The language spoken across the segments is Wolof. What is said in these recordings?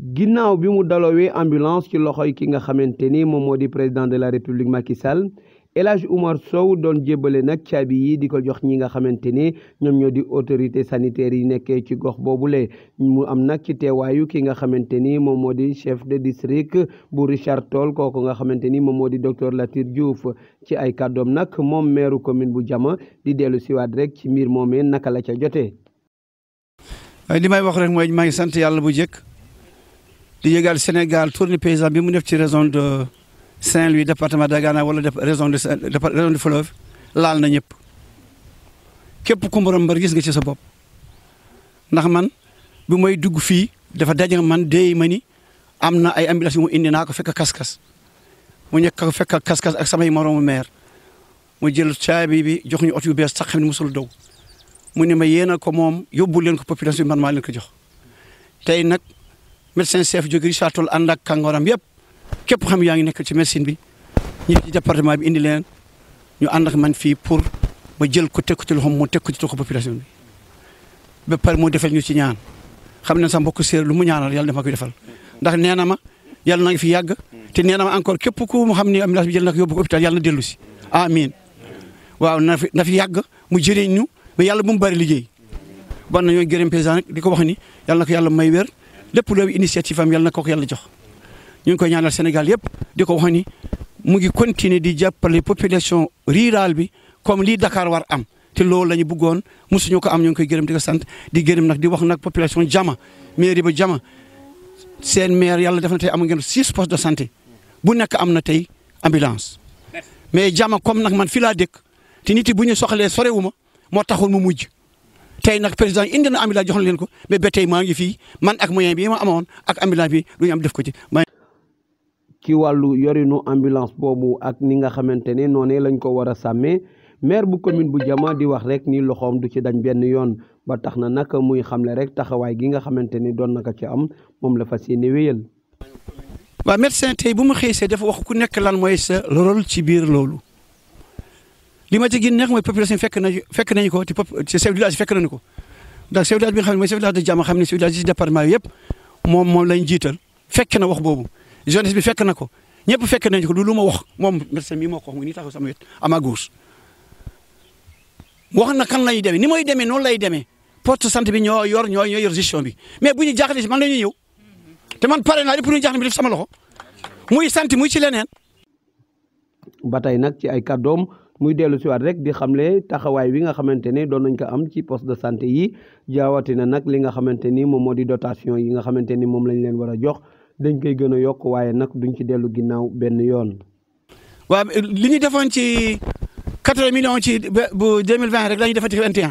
ginnaaw bi mu dalowé ambulance ci loxoy ki nga xamante mom modi président de la république Macky Sall Elage Oumar Sow doon jébbale nak caabi yi di ko jox ñi nga xamante ñom ñoo di autorité sanitaire yi nekké ci gox bobulé mu am nak ci téwayu ki nga xamante mom modi chef de district bu Richard Toll kooku nga xamante mom modi docteur Latir Diouf ci ay kàddoom nak mom meeru commune bu Jama di délu ci siwaat rek ci mir moomee naka la ca joté li may wax rek mooy maa ngi sant yàlla bu njëkk di yëgal Sénégal tournée paysan bi mu def ci région de Saint-Louis département de Dagana wala région de région de Fleuve laal na ñëpp képp ku mbër gis nga ci sa bopp ndax man bu may dugg fii dafa daje man déey ma ni am na ay ambulance yu indi naa ko fekk kas-kas mu nekk fekka fekk kas-kas ak samay moroomu maire mu jël caabi bi jox ñu oto yu bees sax xam ne musul daw mu ne ma yéen a ko moom yóbbu leen ko population bi man maa leen ko jox tey nag. médecin chef jogi Richard Toll ànd ak kàngooram yëpp képp xam yaangi nek ci médecine bi ñi ci département bi indi len ñu ànd ak man fi pour ma jël ko tekku ci loxom mo tekku ci tokku population bi be par mo defal ñu ci ñaan xam na sa mbokk séeréer lu mu ñaanal yalla dama koy defal ndax nee ma yalla nga fi yag te nee na ma encore kep ku mu xam am ambulance bi jël nak yobbu hôpital yalla na delu ci amin waaw na fi na fi yag mu jëriñ ñu ba yalla bu mu bari liggéey ban ñoy gërëm président rek wax ni yalla nak yalla may wër lépp loolu initiative am yal na ko yàlla jox ñu koy ñaanal Sénégal yëpp di ko wax ni mu ngi continuer di jàppale population rurale bi comme lii Dakar war am te loolu la ñu bëggoon mosuñu ko am ñu koy gërëm di ko sant di gërëm nag di wax nag population Jama mairie ba Jama seen maire yàlla def na tey am ngeen six postes de santé bu nekk am na tey ambulance. mais Jama comme nag man fi laa dëkk te nit yi bu ñu soxlee sorewuma moo taxul mu mujj. tey nag président indi na ambulance jox leen ko mais ba tey maa ngi fii man ak moyen bi ma amoon ak ambulance bi lu ñu am def ko ci. ci wàllu yorinu ambulance boobu ak ni nga xamante ne noonee lañ ko war a sàmmee maire bu commune bu Diama di wax rek ni loxoom du ci dañ benn yoon ba tax na nag muy xamle rek taxawaay gi nga xamante ni doon na ko ci am moom la fas yéene wéyal. waa médecin tey bu mu xëy see dafa wax ku nekk lan mooy sa rôle ci biir loolu. li ma ci population fekk nañu fekk nañu ko ci chef de village fekk nañu ko ndax chef de village bi nga xam ne mooy chef de village de Diama xam ne chef de village ci département bi yëpp moom moom lañ jiital fekk na wax boobu jeunesse bi fekk na ko ñëpp fekk nañu ko lu lu ma wax moom médecin bi moo ko wax mu na kan lay demee ni mooy demee noonu lay demee poste santé bi ñoo yor ñoo yor gestion bi mais bu ñu jaaxlee si man la ñuy ñëw te man pare naa lépp lu ñu jaaxle bi def sama loxo muy santé muy ci leneen ba tey nag ci ay kaddoom muy dellu siwaat rek di xamle taxawaay wi nga xamante ne doon nañ ko am ci poste de santé yi na nag li nga xamante ni moom moo di dotation yi nga xamante ni moom lañu leen war a jox dañ koy gën a yokk waaye nag duñ ci dellu ginnaaw benn yoon. waaw li ñu defoon ci quatre millions ci bu deux mille vingt rek la ñu defoon ci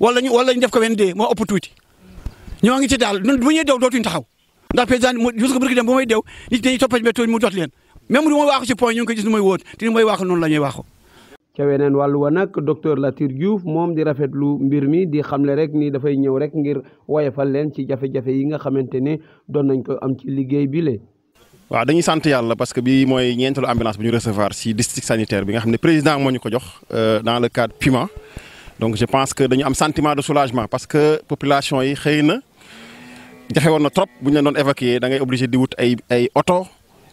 wala ñu wala ñu def ko vingt deux moo ëpp tuuti ñoo ngi ci daal ñun bu ñuy dew dootuñ taxaw ndax président bi mu jusque bu dem bu may dew nit ñi dañuy toppatoo mu jot leen. même du ma waaxu ci point ñu ngi ko gis waaxu noonu la ñuy waaxu ca weneen wàllu wa nag docteur Latir Diouf moom di lu mbir mi di xamle rek ni dafay ñëw rek ngir woyefal leen ci jafe-jafe yi nga xamante ne doon nañ ko am ci liggéey bi le waaw dañuy sant yàlla parce que bii mooy ñeenteelu ambulance bu ñu recevoir si district sanitaire bi nga xam ne président moo ñu ko jox euh, dans le cadre piment donc je pense que dañu am sentiment de soulagement parce que population yi xëy na jafe woon na trop bu ñu leen doon da ngay obligé di wut ay ay oto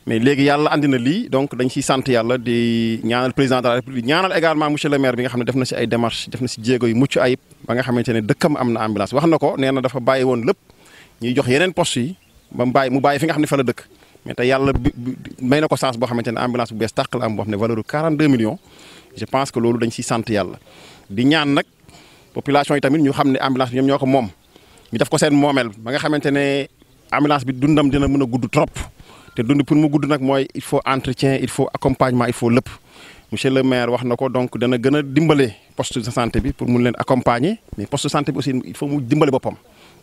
mais légui yalla andina li donc dañ ci sante yalla di ñaanal président de la république ñaanal également monsieur le maire bi nga xam def na ci ay démarches def na ci djégo yu muccu ayib ba nga xamante ne dëkkam am ambulance wax nako ko dafa bayyi won lepp ñi jox yenen poste yi ba bayyi mu bayyi fi nga xam fa la dekk mais tay yalla may nako sens bo boo xamante ambulance bu bes tàq la am bo xam valeur 42 millions je pense que lolu dañ ci sante yalla di ñaan nak population yi tamit ñu xam ambulance ñom ñoko mom ñu def ko sen momel ba nga xamante ne ambulance bi dundam dina mëna gudd trop te dund pour mu gudd nag mooy il faut entretien il faut accompagnement il faut lépp monsieur le maire wax na ko donc dana gën a dimbale poste de santé bi pour mun leen accompagner mais poste de santé bi aussi il faut mu dimbale boppam.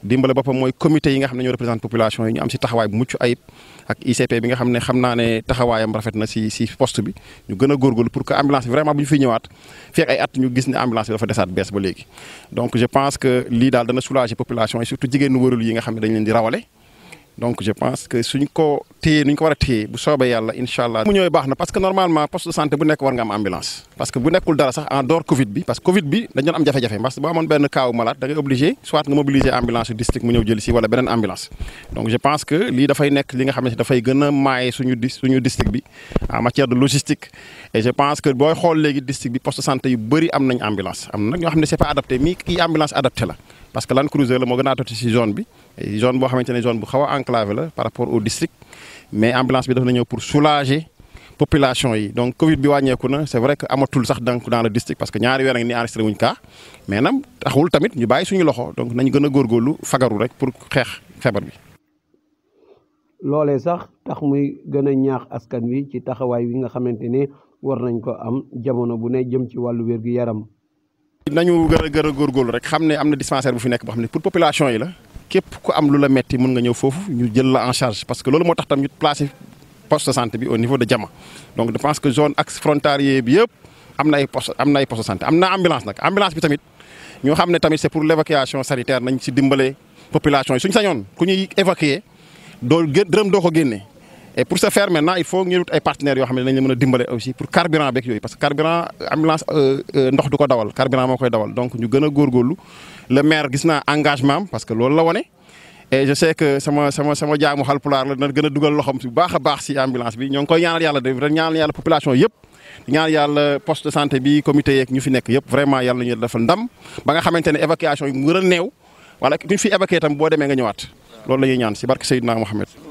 dimbale boppam mooy comité yi nga xam ne ñoo représente population yi ñu am si taxawaay bu mucc ayib ak ICP bi nga xam ne xam naa ne taxawaayam rafet na si si poste bi ñu gën a góorgóorlu pour que ambulance vraiment bu ñu fi ñëwaat fekk ay at ñu gis ne ambulance bi dafa desaat bees ba léegi. donc je pense que lii daal dana soulager population yi surtout jigéenu wërul yi nga xam ne dañ leen di rawale donc je pense que suñ ko téye nu ñu ko wara a bu soobee yalla inshallah allah. mu ñëwee baax na parce que normalement poste de santé bu nekk war nga am ambulance. parce que bu nekkul dara sax en dehors Covid bi parce que Covid bi dañu am jafé jafé parce que boo amone benn cas malade da ngay obligé soit nga mobiliser ambulance district mu ñëw jël ci wala benen ambulance. donc je pense que da fay nekk li nga xamné ne fay gëna a suñu di suñu district bi en matière de logistique. et je pense que boy xol légui district bi poste de santé yu bari am nañ ambulance am nak nag ñoo xam c'est pas adapté mi ki ambulance adapté la parce que Land Cruiser la moo gën a atoti zone bi zone bo xamanteni zone bu xawa a enclavé la par rapport au district mais ambulance bi daf na ñëw pour soulager population yi donc Covid bi wàññeeku na c'est vrai que amatul sax dank dans le district parce que ñaari weer ngi ni enregistré wuñ ka mais nam taxul tamit ñu bàyyi suñu loxo donc nañ gëna a góorgóorlu fagaru rek pour xex feebar bi. lolé sax tax muy gëna ñaax askan wi ci taxaway wi nga xamanteni war nañ ko am jamono bu ne jëm ci walu wér-gu-yaram. nañu gën a gën a góorgóorlu rek xam ne am na dispensaire bu fi nekk boo xam ne pour population yi la képp ku am lu la metti mën nga ñëw foofu ñu jël la en charge parce que loolu moo tax tam ñu placé poste de santé bi au niveau de Diama donc je pense que zone axe frontalier bi yëpp am na ay poste am na ay poste de santé am na ambulance nag ambulance bi tamit ñu xam ne tamit c'est pour l'évacuation sanitaire nañ ci dimbale population yi suñ sañoon ku ñuy évacuer doo dërëm doo ko génnee et pour ce faire maintenant il faut ngeen ay partenaires yo xamné dañ la mën a aussi pour carburant beeg yoy parce que carburant ambulance euh, euh ndox duko dawal carburant moo koy dawal donc ñu gëna a le maire gis naa engagement parce que loolu la wone et je sais que sama sama sama jaamu Haalpulaar la dina gëna duggal loxam ci baaxa baax ci ambulance bi ñoo ngi koy ñaanal yalla de ñaanal yalla population yépp ñaan yalla poste de santé bi comité yeeg ñu fi nek yépp vraiment yalla ñu defal ndam ba nga xamantene évacuation yi mu gën a wala ku ñu fi évacué itam boo demee nga ñëwaat loolu la ñaan ci barke Seydina mohammed